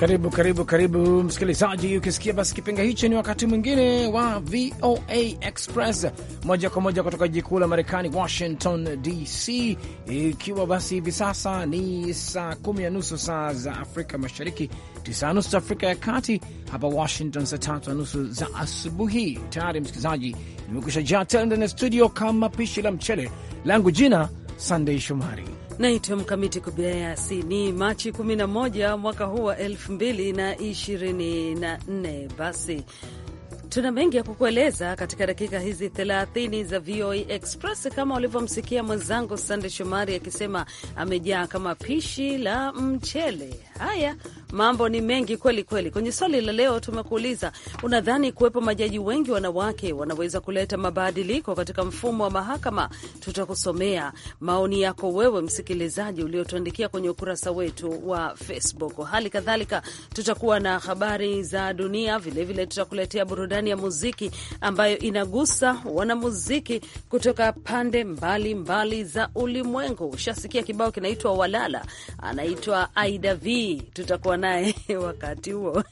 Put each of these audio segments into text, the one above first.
Karibu karibu karibu msikilizaji, ukisikia basi kipenga hicho, ni wakati mwingine wa VOA Express moja kwa moja kutoka jiji kuu la Marekani, Washington DC, ikiwa basi hivi sasa ni saa kumi na nusu saa za Afrika Mashariki, tisa na nusu za Afrika ya Kati, hapa Washington saa tatu na nusu za asubuhi. Tayari msikilizaji, nimekusha jaa tele ndani ya studio kama pishi la mchele langu, jina Sandei Shomari Naitwa Mkamiti Kubayasi. Ni Machi 11 mwaka huu wa 2024. Basi tuna mengi ya kukueleza katika dakika hizi 30 za VOA e Express. Kama ulivyomsikia mwenzangu Sande Shomari akisema amejaa kama pishi la mchele. Haya, Mambo ni mengi kweli kweli. Kwenye swali la leo tumekuuliza, unadhani kuwepo majaji wengi wanawake wanaweza kuleta mabadiliko katika mfumo wa mahakama? Tutakusomea maoni yako wewe msikilizaji uliotuandikia kwenye ukurasa wetu wa Facebook. Hali kadhalika tutakuwa na habari za dunia, vilevile tutakuletea burudani ya muziki ambayo inagusa wanamuziki kutoka pande mbalimbali mbali za ulimwengu. Ushasikia kibao kinaitwa Walala, anaitwa Aida V. Tutakuwa naye wakati huo.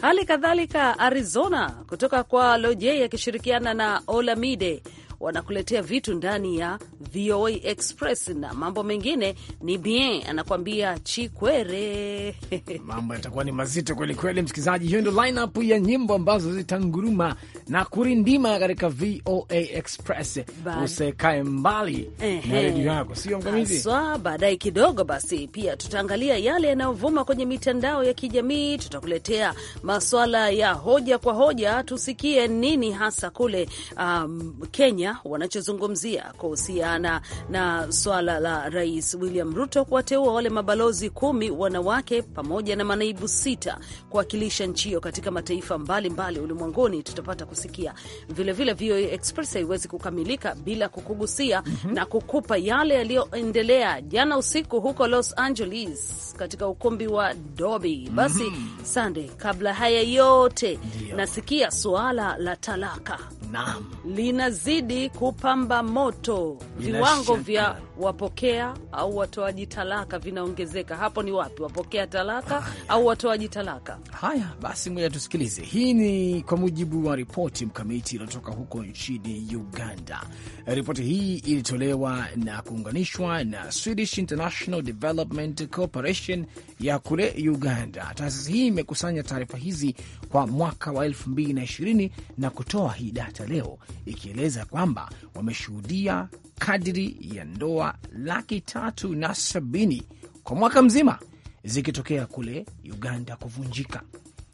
Hali kadhalika Arizona kutoka kwa Lojei akishirikiana na Olamide wanakuletea vitu ndani ya VOA Express na mambo mengine. Ni bien anakuambia Chikwere mambo yatakuwa ni mazito kwelikweli, msikilizaji. Hiyo ndio lineup ya nyimbo ambazo zitanguruma na kurindima katika VOA Express. Usikae mbali na redio yako sio ngamizi swa. Baadaye kidogo basi, pia tutaangalia yale yanayovuma kwenye mitandao ya kijamii. Tutakuletea maswala ya hoja kwa hoja, tusikie nini hasa kule um, Kenya Kenya wanachozungumzia kuhusiana na swala la Rais William Ruto kuwateua wale mabalozi kumi wanawake pamoja na manaibu sita kuwakilisha nchi hiyo katika mataifa mbalimbali ulimwenguni. Tutapata kusikia vilevile. VOA Express haiwezi kukamilika bila kukugusia mm -hmm. na kukupa yale yaliyoendelea jana usiku huko Los Angeles katika ukumbi wa Dolby. Basi mm -hmm. Sande, kabla haya yote nasikia suala la talaka naam linazidi kupamba moto viwango vya wapokea au watoaji talaka vinaongezeka. Hapo ni wapi, wapokea talaka haya, au watoaji talaka? Haya basi, moja tusikilize. Hii ni kwa mujibu wa ripoti mkamiti iliyotoka huko nchini Uganda. Ripoti hii ilitolewa na kuunganishwa na Swedish International Development Corporation ya kule Uganda. Taasisi hii imekusanya taarifa hizi kwa mwaka wa 2020 na kutoa hii data leo, ikieleza kwamba wameshuhudia kadri ya ndoa dawa laki tatu na sabini kwa mwaka mzima zikitokea kule Uganda kuvunjika.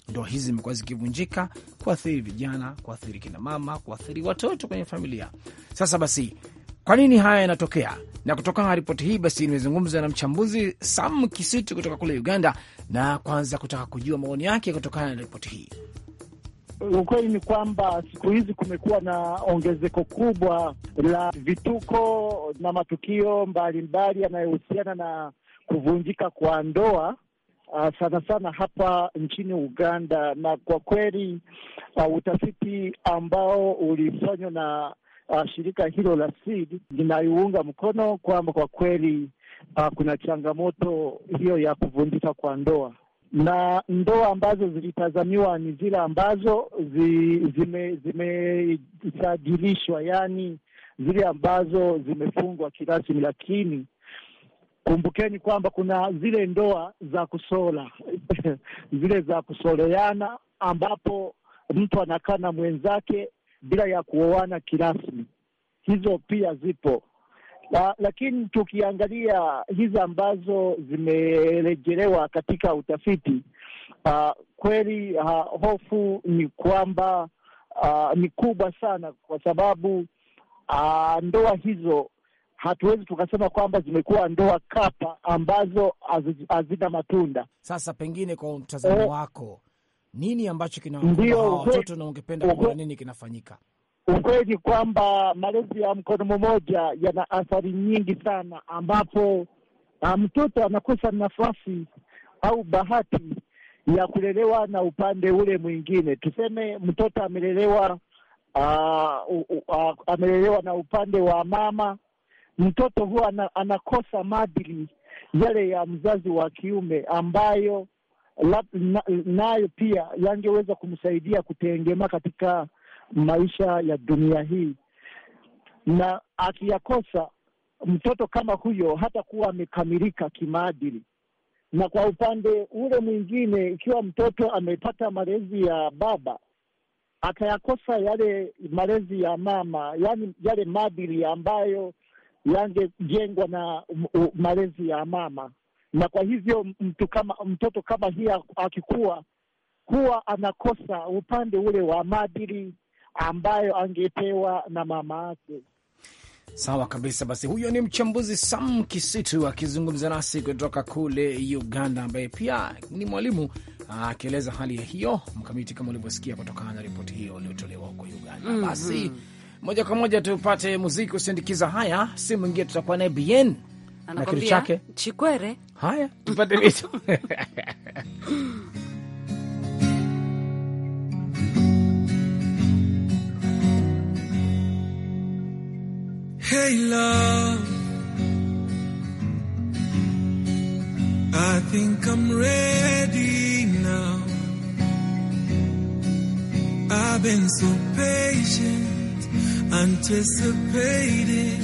Ndoa hizi zimekuwa zikivunjika, kuathiri vijana, kuathiri kinamama, kuathiri watoto kwenye familia. Sasa basi, kwa nini haya yanatokea? Na kutokana na ripoti hii basi, nimezungumza na mchambuzi Sam Kisitu kutoka kule Uganda, na kwanza kutaka kujua maoni yake kutokana na ripoti hii. Ukweli ni kwamba siku hizi kumekuwa na ongezeko kubwa la vituko na matukio mbalimbali yanayohusiana na kuvunjika kwa ndoa uh, sana sana hapa nchini Uganda, na kwa kweli uh, utafiti ambao ulifanywa na uh, shirika hilo la SEED linaiunga mkono kwamba kwa kweli uh, kuna changamoto hiyo ya kuvunjika kwa ndoa na ndoa ambazo zilitazamiwa ni zile ambazo zi, zimesajilishwa zime, yaani zile ambazo zimefungwa kirasmi, lakini kumbukeni kwamba kuna zile ndoa za kusola zile za kusoleana ambapo mtu anakaa na mwenzake bila ya kuoana kirasmi, hizo pia zipo. La, lakini tukiangalia hizi ambazo zimerejelewa katika utafiti uh, kweli uh, hofu ni kwamba uh, ni kubwa sana kwa sababu uh, ndoa hizo hatuwezi tukasema kwamba zimekuwa ndoa kapa ambazo hazina matunda. Sasa pengine kwa mtazamo eh, wako nini ambacho watoto na ungependa kuona nini kinafanyika? ukweli kwamba malezi ya mkono mmoja yana athari nyingi sana, ambapo ah, mtoto anakosa nafasi au bahati ya kulelewa na upande ule mwingine. Tuseme mtoto amelelewa uh, uh, uh, amelelewa na upande wa mama, mtoto huwa anakosa maadili yale ya mzazi wa kiume ambayo nayo na, na pia yangeweza kumsaidia kutengema katika maisha ya dunia hii, na akiyakosa mtoto kama huyo hata kuwa amekamilika kimaadili. Na kwa upande ule mwingine, ikiwa mtoto amepata malezi ya baba akayakosa yale malezi ya mama, yani yale maadili ambayo yangejengwa na malezi ya mama, na kwa hivyo mtu kama mtoto kama hii akikuwa huwa anakosa upande ule wa maadili ambayo angepewa na mama yake. Sawa kabisa. Basi huyo ni mchambuzi Sam Kisitu akizungumza nasi kutoka kule Uganda, ambaye pia ni mwalimu akieleza hali ya hiyo mkamiti, kama ulivyosikia kutokana na ripoti hiyo iliyotolewa huko Uganda. mm -hmm. Basi moja kwa moja tupate muziki usindikiza haya, si mwingine, tutakuwa naye bn na kitu chake Chikwere. Haya, tupate vitu Hey love. I think I'm ready now. I've been so patient, anticipating,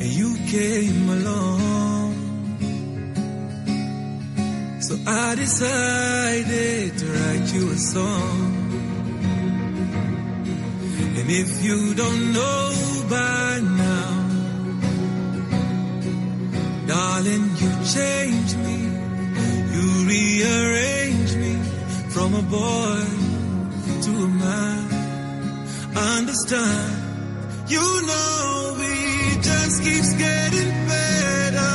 and you came along. So I decided to write you a song. And if you don't know by now, Darling, you change me. You rearrange me from a boy to a man. Understand, you know we just keeps getting better.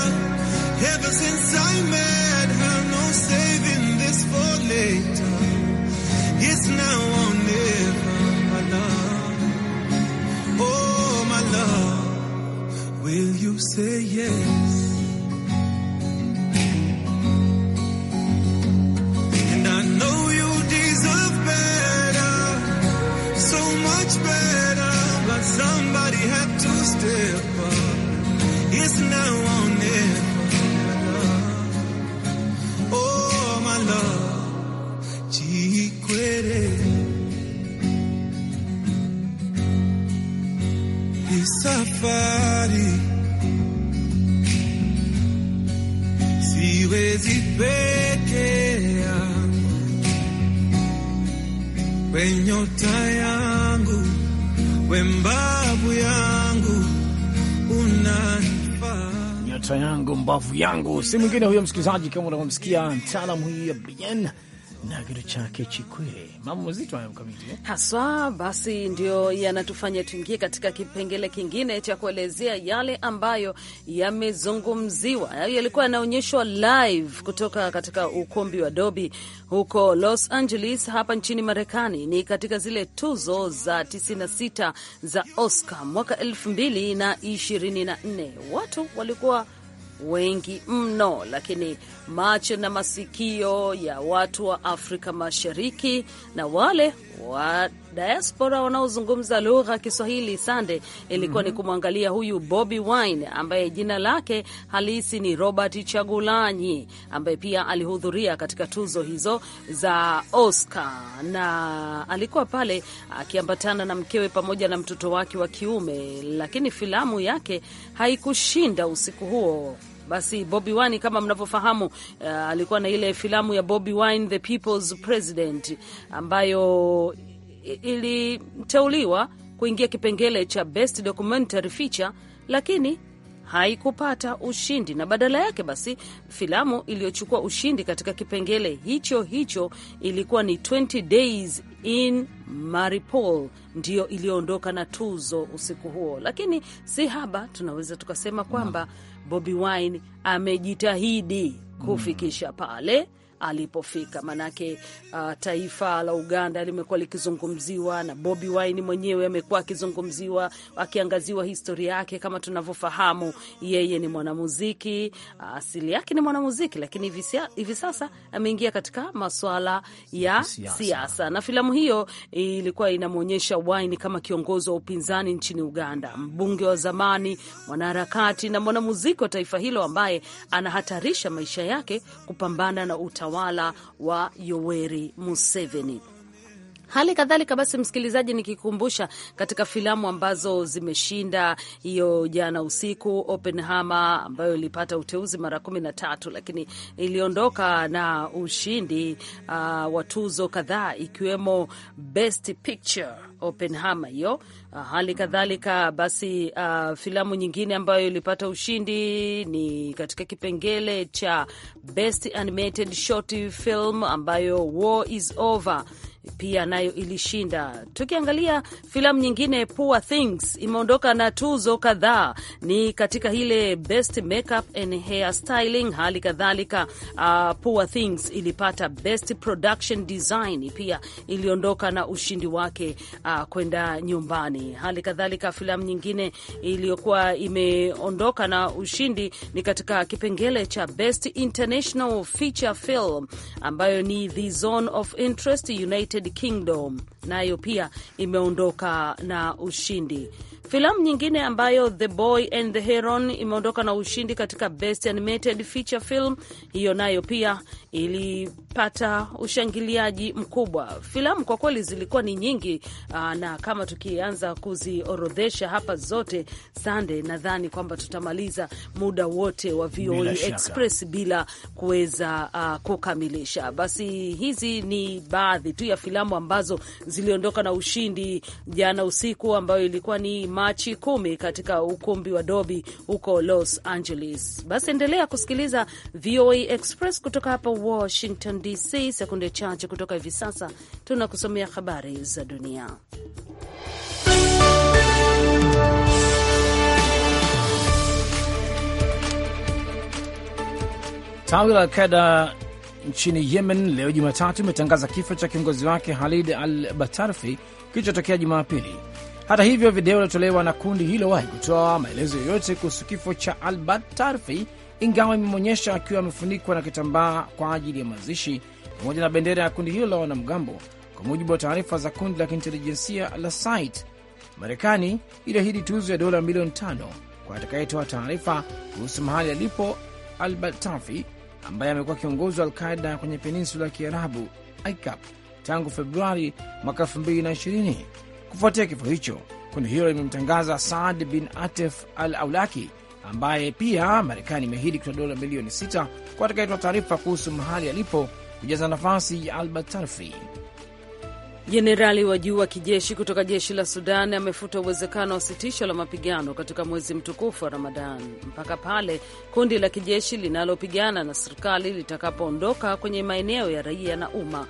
Ever since I met her, no saving this for later. It's now or never, my love. Oh, my love, will you say yes? It's now on. yangu. Si mwingine huyo msikilizaji, kama unavyomsikia mtaalamu huyu ya Bien na kitu chake Chikwere, mambo mazito hayo mkamiti eh? haswa. Basi ndio yanatufanya tuingie katika kipengele kingine cha kuelezea yale ambayo yamezungumziwa, yalikuwa yanaonyeshwa live kutoka katika ukumbi wa Dolby huko Los Angeles hapa nchini Marekani. Ni katika zile tuzo za 96 za Oscar mwaka 2024 watu walikuwa wengi mno, lakini macho na masikio ya watu wa Afrika Mashariki na wale wa diaspora wanaozungumza lugha ya Kiswahili sande, ilikuwa mm -hmm. ni mhm. kumwangalia huyu Bobi Wine ambaye jina lake halisi ni Robert Chagulanyi, ambaye pia alihudhuria katika tuzo hizo za Oscar na alikuwa pale akiambatana na mkewe pamoja na mtoto wake wa kiume, lakini filamu yake haikushinda usiku huo basi Bobi Wine kama mnavyofahamu, uh, alikuwa na ile filamu ya Bobi Wine the People's President ambayo iliteuliwa kuingia kipengele cha best documentary feature, lakini haikupata ushindi, na badala yake basi filamu iliyochukua ushindi katika kipengele hicho hicho ilikuwa ni 20 Days in Mariupol, ndiyo iliyoondoka na tuzo usiku huo. Lakini si haba, tunaweza tukasema kwamba no. Bobi Wine amejitahidi kufikisha pale alipofika, maanake uh, taifa la Uganda limekuwa likizungumziwa na Bobi Wine mwenyewe amekuwa akizungumziwa, akiangaziwa historia yake. Kama tunavyofahamu, yeye ni mwanamuziki, asili yake ni mwanamuziki, lakini hivi sasa ameingia katika maswala ya siasa, na filamu hiyo ilikuwa inamwonyesha Wine kama kiongozi wa upinzani nchini Uganda, mbunge wa zamani, mwanaharakati na mwanamuziki wa taifa hilo ambaye anahatarisha maisha yake kupambana na utawala utawala wa Yoweri Museveni. Hali kadhalika basi, msikilizaji, nikikumbusha katika filamu ambazo zimeshinda hiyo jana usiku, Oppenheimer ambayo ilipata uteuzi mara kumi na tatu lakini iliondoka na ushindi uh, wa tuzo kadhaa ikiwemo Best Picture Oppenheimer hiyo. Uh, hali kadhalika basi, uh, filamu nyingine ambayo ilipata ushindi ni katika kipengele cha Best Animated Short Film ambayo War is Over pia nayo ilishinda. Tukiangalia filamu nyingine, Poor Things imeondoka na tuzo kadhaa, ni katika ile best makeup and hair styling. Hali kadhalika uh, Poor Things ilipata best production design, pia iliondoka na ushindi wake uh, kwenda nyumbani. Hali kadhalika filamu nyingine iliyokuwa imeondoka na ushindi ni katika kipengele cha best international feature film ambayo ni The Zone of Interest United United Kingdom nayo pia imeondoka na ushindi. Filamu nyingine ambayo The Boy and the Heron imeondoka na ushindi katika Best Animated Feature Film, hiyo nayo pia ilipata ushangiliaji mkubwa. Filamu kwa kweli zilikuwa ni nyingi aa, ah, na kama tukianza kuziorodhesha hapa zote sande, nadhani kwamba tutamaliza muda wote wa VOA e Express bila kuweza uh, kukamilisha. Basi hizi ni baadhi tu ya filamu ambazo ziliondoka na ushindi jana usiku, ambayo ilikuwa ni Machi kumi katika ukumbi wa Dolby huko Los Angeles. Basi endelea kusikiliza VOA Express kutoka hapa Washington DC. Sekunde chache kutoka hivi sasa tunakusomea habari za dunia. Tawi la Alqaida nchini Yemen leo Jumatatu imetangaza kifo cha kiongozi wake Halid al Batarfi kilichotokea Jumapili hata hivyo, video iliyotolewa na kundi hilo haikutoa maelezo yoyote kuhusu kifo cha Albert Tarfi, ingawa imemwonyesha akiwa amefunikwa na kitambaa kwa ajili ya mazishi pamoja na bendera ya kundi hilo la wanamgambo, kwa mujibu wa taarifa za kundi la kiintelijensia la SITE. Marekani iliahidi tuzo ya dola milioni tano kwa atakayetoa taarifa kuhusu mahali alipo Albert Tarfi, ambaye amekuwa kiongozi wa Alqaida kwenye peninsula ya Kiarabu, ICAP, tangu Februari mwaka 2020 Kufuatia kifo hicho, kundi hilo limemtangaza Saad bin Atef al Aulaki, ambaye pia Marekani imeahidi kutoa dola milioni 6 kwa atakayetoa taarifa kuhusu mahali alipo kujaza nafasi ya Albert Tarfi. Jenerali wa juu wa kijeshi kutoka jeshi la Sudan amefuta uwezekano wa sitisho la mapigano katika mwezi mtukufu wa ramadan mpaka pale kundi la kijeshi linalopigana na serikali litakapoondoka kwenye maeneo ya raia na umma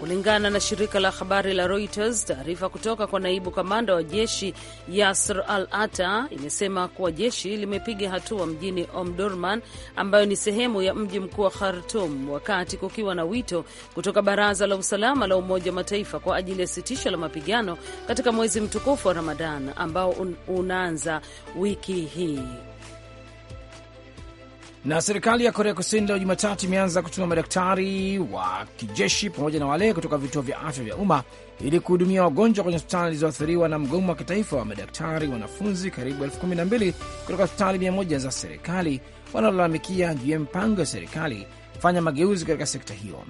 Kulingana na shirika la habari la Reuters, taarifa kutoka kwa naibu kamanda wa jeshi Yasr Al Ata imesema kuwa jeshi limepiga hatua mjini Omdurman, ambayo ni sehemu ya mji mkuu wa Khartum, wakati kukiwa na wito kutoka Baraza la Usalama la Umoja wa Mataifa kwa ajili ya sitisho la mapigano katika mwezi mtukufu wa Ramadan ambao unaanza wiki hii. Na serikali ya Korea Kusini leo Jumatatu imeanza kutuma madaktari wa kijeshi pamoja na wale kutoka vituo vya afya vya umma ili kuhudumia wagonjwa kwenye hospitali zilizoathiriwa na mgomo wa kitaifa wa madaktari wanafunzi karibu elfu kumi na mbili kutoka hospitali mia moja za serikali wanaolalamikia juu ya mpango ya serikali kufanya mageuzi katika sekta hiyo.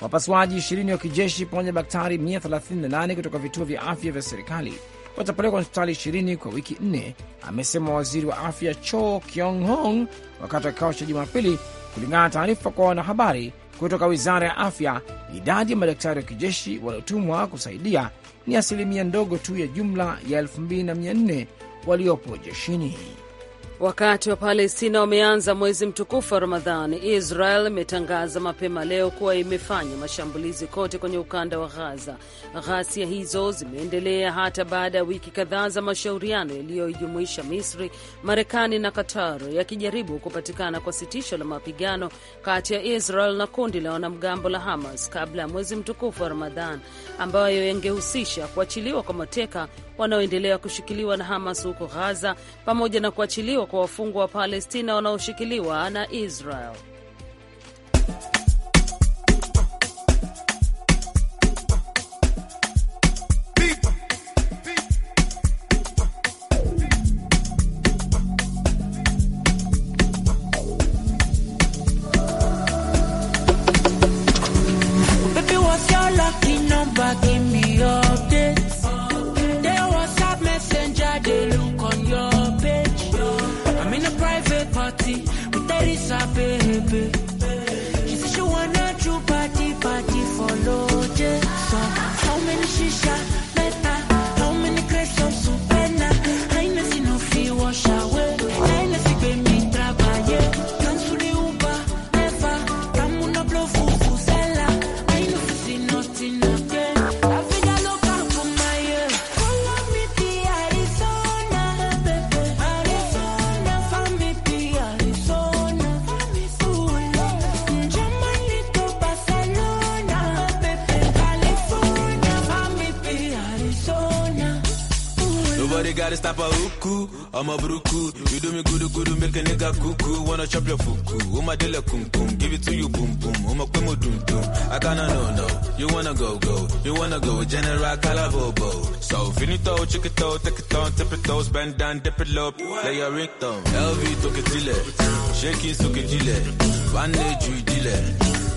Wapasuaji ishirini wa kijeshi pamoja na daktari 138 kutoka vituo vya afya vya serikali watapelekwa hospitali ishirini kwa wiki nne, amesema waziri wa afya Cho Kyong Hong wakati wa kikao cha Jumapili. Kulingana na taarifa kwa wanahabari kutoka wizara ya afya, idadi ya madaktari wa kijeshi waliotumwa kusaidia ni asilimia ndogo tu ya jumla ya 2400 waliopo jeshini. Wakati wa Palestina wameanza mwezi mtukufu wa Ramadhani, Israel imetangaza mapema leo kuwa imefanya mashambulizi kote kwenye ukanda wa Ghaza. Ghasia hizo zimeendelea hata baada ya wiki kadhaa za mashauriano yaliyoijumuisha Misri, Marekani na Qatar yakijaribu kupatikana kwa sitisho la mapigano kati ya Israel na kundi la wanamgambo la Hamas kabla ya mwezi mtukufu wa Ramadhan, ambayo yangehusisha kuachiliwa kwa mateka wanaoendelea kushikiliwa na Hamas huko ghaza pamoja na kuachiliwa kwa wafungwa wa Palestina wanaoshikiliwa na Israel. Baby, saber beber. gotta stop a hooku. I'm a bruku. You do me good, good, make a nigga cuckoo. Wanna chop your fuku. Oh my dele kum kum. Give it to you boom boom. Oh my kwemo dum dum. I kinda know no. You wanna go go. You wanna go. General Calabobo. So finito, check it out, take it on, tip it toes, bend down, dip it low. Lay your ringtone. LV toke tile. Shaking soke dile, One day you dile.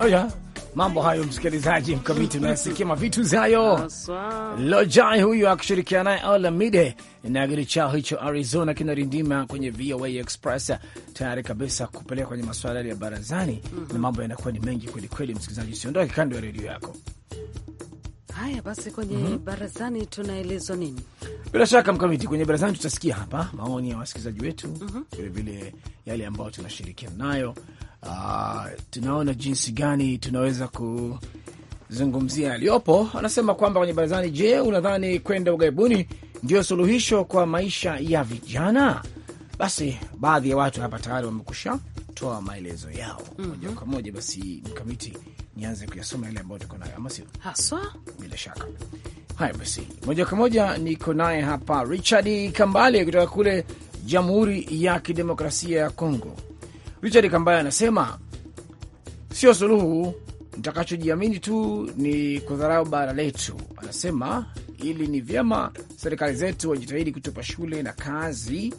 Oh yeah. mambo hayo msikilizaji, mkamiti unayasikia mavitu zayo Lojai huyu akishirikiana naye Olamide na gari chao hicho Arizona kinarindima kwenye VOA Express, tayari kabisa kupeleka kwenye masuala ya barazani mm -hmm. na mambo yanakuwa ni mengi kwelikweli. Msikilizaji, usiondoke kando ya redio yako. Haya basi, kwenye mm -hmm. barazani tunaelezwa nini? Bila shaka Mkamiti, kwenye barazani tutasikia hapa maoni ya wasikilizaji wetu vilevile mm -hmm. yale ambayo tunashirikiana nayo uh, tunaona jinsi gani tunaweza kuzungumzia yaliyopo. Anasema kwamba kwenye barazani, je, unadhani kwenda ughaibuni ndio suluhisho kwa maisha ya vijana? Basi baadhi ya watu hapa tayari wamekusha toa maelezo yao mhm. moja mm -hmm. kwa moja. Basi mkamiti, nianze kuyasoma yale ambayo tuko nayo, ama sio? Haswa, bila shaka. Haya basi, moja kwa moja niko naye hapa Richard Kambale kutoka kule Jamhuri ya Kidemokrasia ya Kongo. Richard Kambaya anasema sio suluhu, ntakachojiamini tu ni kudharau bara letu. Anasema ili ni vyema serikali zetu wajitahidi kutupa shule na kazi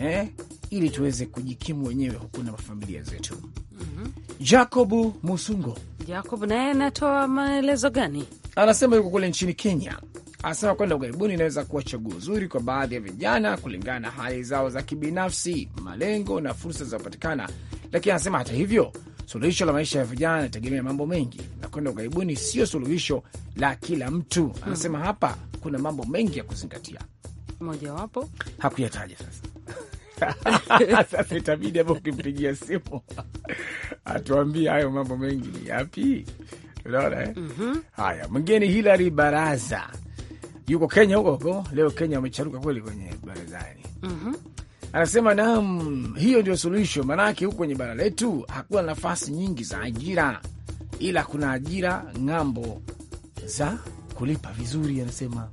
eh, ili tuweze kujikimu wenyewe huku na familia zetu. Mhm. Jacobu Musungo, Jacob naye anatoa maelezo gani? Anasema yuko kule nchini Kenya anasema kwenda ughaibuni inaweza kuwa chaguo zuri kwa baadhi ya vijana kulingana na hali zao za kibinafsi, malengo na fursa zinazopatikana, lakini anasema hata hivyo suluhisho la maisha ya vijana inategemea mambo mengi, na kwenda ughaibuni sio suluhisho la kila mtu. Anasema hmm, hapa kuna mambo mengi ya kuzingatia, mojawapo hakuyataja sasa. Sasa itabidi hapo ukimpigia simu atuambie hayo mambo mengi ni yapi. Unaona eh? mm -hmm. Haya, mwingine Hilary Baraza yuko Kenya huko huko, leo Kenya wamecharuka kweli kwenye barazani. mm -hmm. Anasema naam, hiyo ndio suluhisho, maanake huko kwenye bara letu hakuna nafasi nyingi za ajira, ila kuna ajira ng'ambo za kulipa vizuri, anasema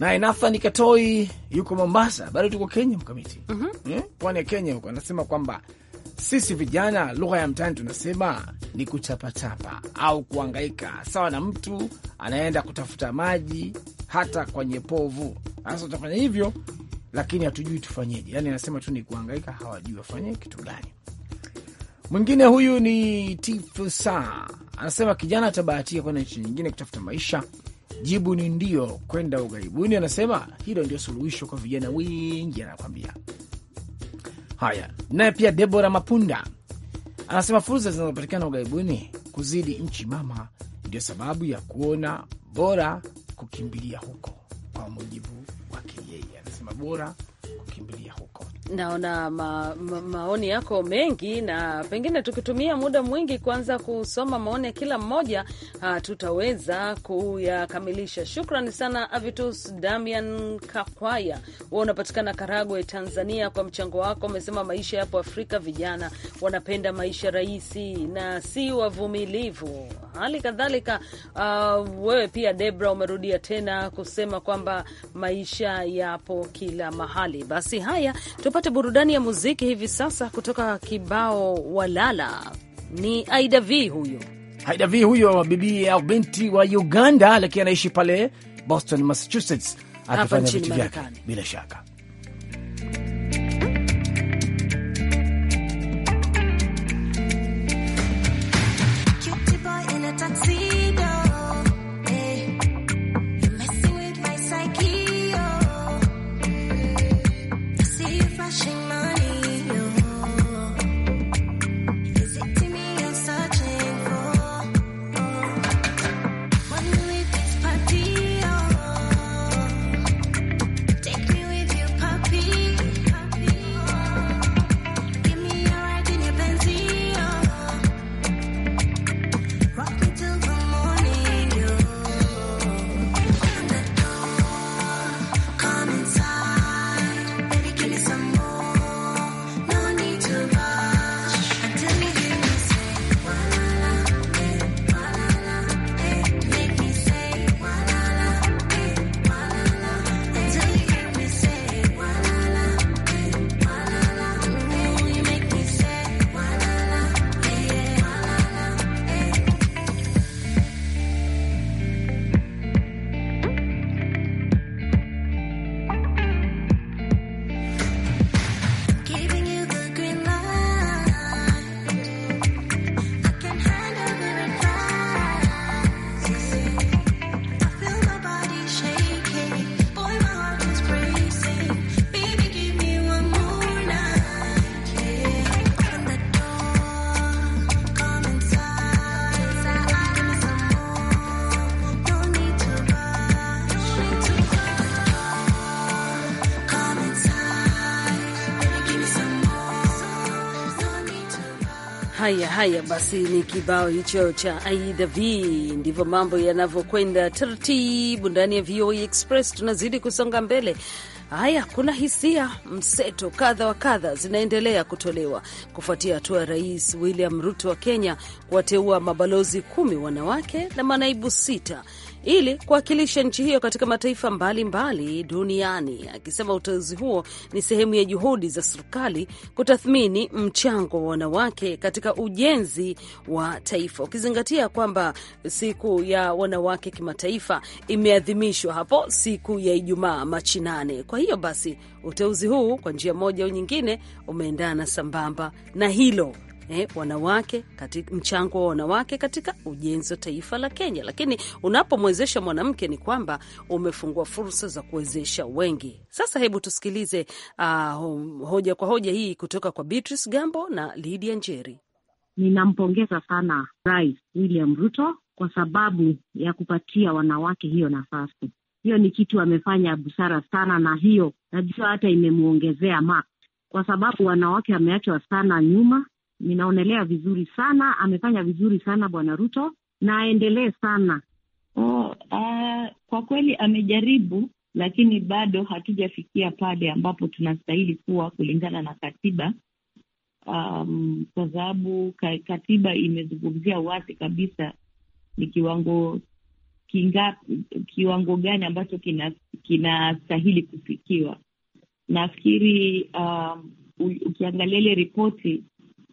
naye. Nathan Katoi yuko Mombasa, bado tuko Kenya mkamiti mm -hmm. pwani ya Kenya huko, anasema kwamba sisi vijana, lugha ya mtaani tunasema ni kuchapachapa au kuangaika, sawa na mtu anaenda kutafuta maji hata kwenye povu. Sasa utafanya hivyo, lakini hatujui tufanyeje. Yani anasema tu ni kuangaika, hawajui wafanye kitu gani. Mwingine huyu ni Tifusa, anasema kijana atabahatika kwenda nchi nyingine kutafuta maisha. Jibu ni ndio, kwenda ughaibuni. Anasema hilo ndio suluhisho kwa vijana wengi, anakwambia Haya, naye pia Debora Mapunda anasema fursa zinazopatikana ughaibuni kuzidi nchi mama, ndio sababu ya kuona bora kukimbilia huko. Kwa mujibu wake yeye anasema bora kukimbilia huko. Naona ma, ma, maoni yako mengi, na pengine tukitumia muda mwingi kuanza kusoma maoni ya kila mmoja ah, tutaweza kuyakamilisha. Shukrani sana Avitus Damian Kakwaya, wewe unapatikana Karagwe, Tanzania, kwa mchango wako. Umesema maisha yapo Afrika, vijana wanapenda maisha rahisi na si wavumilivu. Hali kadhalika uh, wewe pia Debra umerudia tena kusema kwamba maisha yapo kila mahali. Basi haya tupa tupate burudani ya muziki hivi sasa kutoka kibao Walala. Ni Aida V huyo, Aida V huyo wa bibi au binti wa Uganda, lakini anaishi pale Boston, Massachusetts, akifanya vitu vyake bila shaka. Haya haya, basi ni kibao hicho cha idv V. Ndivyo mambo yanavyokwenda taratibu ndani ya VOA e Express, tunazidi kusonga mbele. Haya, kuna hisia mseto kadha wa kadha zinaendelea kutolewa kufuatia hatua ya Rais William Ruto wa Kenya kuwateua mabalozi kumi wanawake na manaibu sita ili kuwakilisha nchi hiyo katika mataifa mbalimbali mbali duniani, akisema uteuzi huo ni sehemu ya juhudi za serikali kutathmini mchango wa wanawake katika ujenzi wa taifa, ukizingatia kwamba siku ya wanawake kimataifa imeadhimishwa hapo siku ya Ijumaa Machi nane. Kwa hiyo basi uteuzi huu kwa njia moja au nyingine umeendana sambamba na hilo eh, wanawake katika, mchango wa wanawake katika ujenzi wa taifa la Kenya. Lakini unapomwezesha mwanamke ni kwamba umefungua fursa za kuwezesha wengi. Sasa hebu tusikilize uh, hoja kwa hoja hii kutoka kwa Beatrice Gambo na Lydia Njeri. Ninampongeza sana Rais William Ruto kwa sababu ya kupatia wanawake hiyo nafasi. Hiyo ni kitu amefanya busara sana, na hiyo najua hata imemwongezea marks, kwa sababu wanawake wameachwa sana nyuma ninaonelea vizuri sana, amefanya vizuri sana Bwana Ruto na aendelee sana. Oh, uh, kwa kweli amejaribu, lakini bado hatujafikia pale ambapo tunastahili kuwa kulingana na katiba um, kwa sababu katiba imezungumzia wazi kabisa ni kiwango kinga, kiwango gani ambacho kinastahili kina kufikiwa. Nafikiri um, ukiangalia ile ripoti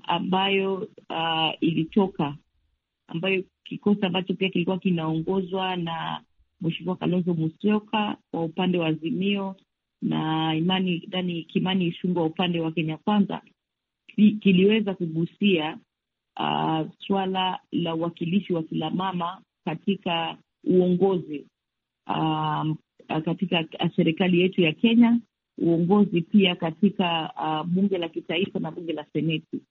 ambayo uh, ilitoka ambayo kikosi ambacho pia kilikuwa kinaongozwa na Mheshimiwa Kalonzo Musyoka kwa upande wa Azimio na Imani ndani Kimani Ichung'wah wa upande wa Kenya Kwanza kiliweza kugusia uh, swala la uwakilishi wa kila mama katika uongozi uh, katika serikali yetu ya Kenya, uongozi pia katika uh, bunge la kitaifa na bunge la seneti.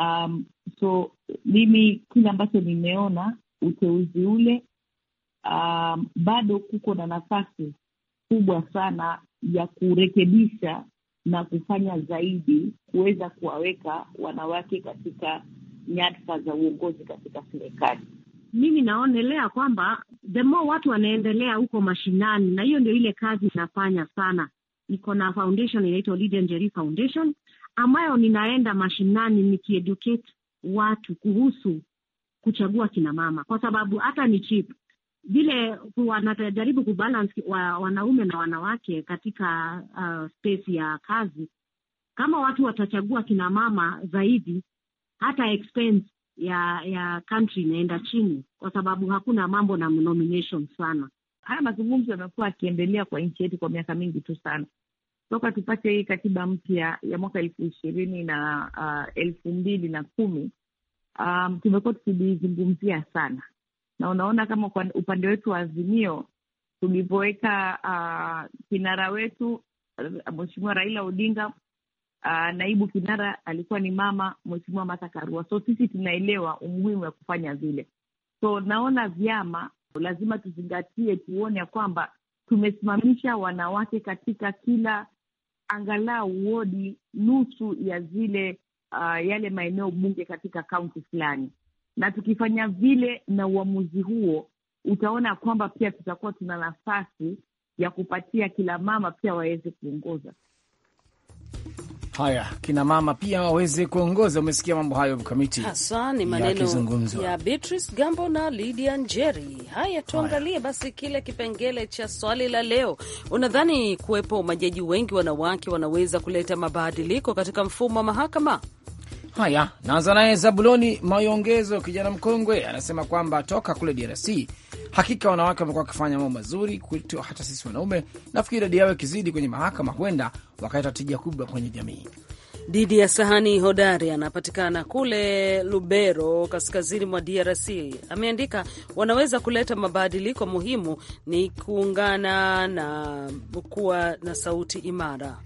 Um, so mimi kile ambacho nimeona uteuzi ule, um, bado kuko na nafasi kubwa sana ya kurekebisha na kufanya zaidi kuweza kuwaweka wanawake katika nyadfa za uongozi katika serikali. Mimi naonelea kwamba the more watu wanaendelea huko mashinani, na hiyo ndio ile kazi inafanya sana. Iko na foundation inaitwa Lydia Foundation ambayo ninaenda mashinani nikieducate watu kuhusu kuchagua kina mama, kwa sababu hata ni cheap vile wanajaribu kubalance wa, wanaume na wanawake katika uh, space ya kazi. Kama watu watachagua kina mama zaidi, hata expense ya ya country inaenda chini, kwa sababu hakuna mambo na nomination sana. Haya mazungumzo yamekuwa akiendelea kwa nchi yetu kwa miaka mingi tu sana, toka tupate hii katiba mpya ya mwaka elfu ishirini na uh, elfu mbili na kumi um, tumekuwa tukijizungumzia sana, na unaona kama kwa upande wetu wa Azimio tulivyoweka uh, kinara wetu uh, Mheshimiwa Raila Odinga uh, naibu kinara alikuwa ni mama Mheshimiwa Martha Karua, so sisi tunaelewa umuhimu wa kufanya vile. So naona vyama lazima tuzingatie, tuone ya kwamba tumesimamisha wanawake katika kila angalau wodi nusu ya zile uh, yale maeneo bunge katika kaunti fulani, na tukifanya vile na uamuzi huo, utaona kwamba pia tutakuwa tuna nafasi ya kupatia kila mama pia waweze kuongoza haya kina mama pia waweze kuongoza. Umesikia mambo hayo mkamiti, hasa ni maneno ya, ya Beatrice Gambo na Lydia Njeri. Haya, tuangalie basi kile kipengele cha swali la leo. Unadhani kuwepo majaji wengi wanawake wanaweza kuleta mabadiliko katika mfumo wa mahakama? Haya, naanza naye Zabuloni Mayongezo, kijana mkongwe, anasema kwamba toka kule DRC hakika wanawake wamekuwa wakifanya mambo mazuri kutu hata sisi wanaume. Nafikiri idadi yao ikizidi kwenye mahakama huenda wakaleta tija kubwa kwenye jamii. Didi ya Sahani Hodari anapatikana kule Lubero, kaskazini mwa DRC. Ameandika wanaweza kuleta mabadiliko muhimu ni kuungana na kuwa na sauti imara.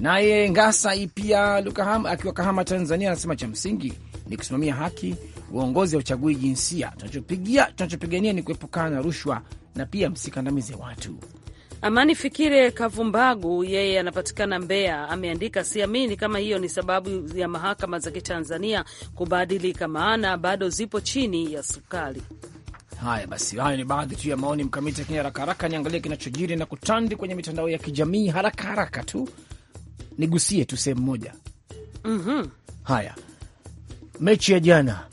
Naye Ngasa Ipia Lukaham akiwa Kahama, Tanzania, anasema cha msingi ni kusimamia haki, uongozi wa uchagui jinsia. Tunachopigia, tunachopigania ni kuepukana na rushwa, na pia msikandamize watu. Amani Fikire Kavumbagu, yeye anapatikana Mbeya, ameandika siamini kama hiyo ni sababu ya mahakama za Kitanzania kubadilika, maana bado zipo chini ya sukari. Haya basi, hayo ni baadhi tu ya maoni mkamiti, lakini haraka haraka niangalie kinachojiri na kutandi kwenye mitandao ya kijamii haraka haraka tu nigusie tu sehemu moja. mm -hmm. Haya, mechi ya jana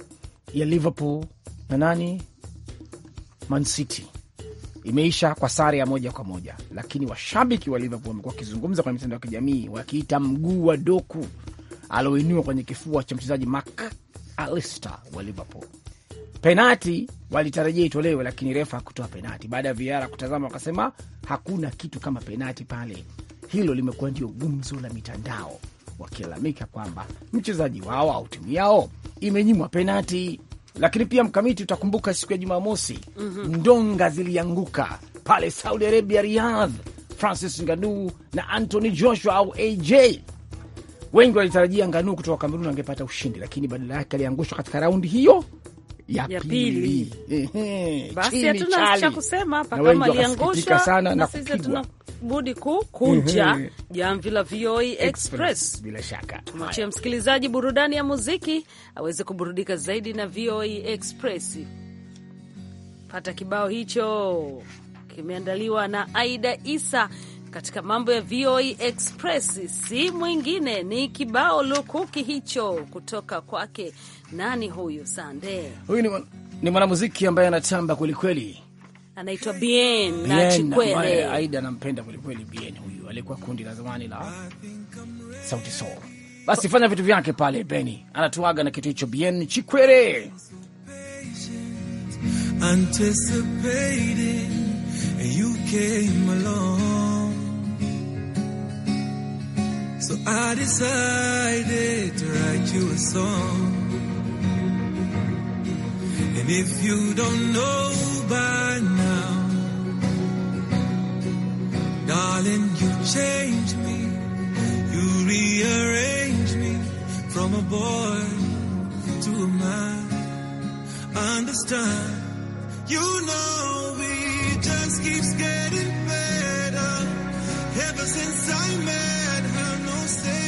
ya Liverpool na nani Man City imeisha kwa sare ya moja kwa moja, lakini washabiki wa Liverpool wamekuwa wakizungumza kwenye mitandao ya kijamii wakiita mguu wa doku alioinua kwenye kifua cha mchezaji Mark Allister wa Liverpool. Penati walitarajia itolewe, lakini refa hakutoa penati. Baada ya viara kutazama, wakasema hakuna kitu kama penati pale, hilo limekuwa ndio gumzo la mitandao, wakilalamika kwamba mchezaji wao au timu yao imenyimwa penati. Lakini pia Mkamiti, utakumbuka siku ya Jumamosi mm -hmm. ndonga zilianguka pale Saudi Arabia, Riyadh. Francis Nganu na Anthony Joshua au AJ, wengi walitarajia Nganu kutoka Kamerun angepata ushindi, lakini badala yake aliangushwa katika raundi hiyo ya pili. Basi hatuna cha kusema hapa, kama aliangushwa na kupigwa budi kukunja mhm. jamvi la VOA Express. Bila shaka tumwachia msikilizaji burudani ya muziki aweze kuburudika zaidi na VOA Express. Pata kibao hicho, kimeandaliwa na Aida Isa katika mambo ya VOA Express. Si mwingine ni kibao lukuki hicho kutoka kwake nani huyu Sande? Huyu ni mwanamuziki ambaye anatamba kwelikweli anaitwa Bien na Chikwere. Aida anampenda kwelikweli Bien, huyu alikuwa kundi la zamani la Sauti Sol. Basi fanya vitu vyake pale, Beni anatuaga na kitu hicho Bien Chikwele. So I decided to write you a song. And if you don't know by now, darling, you changed me. You rearranged me from a boy to a man. understand. You know it just keeps getting better. Ever since I met her, no say.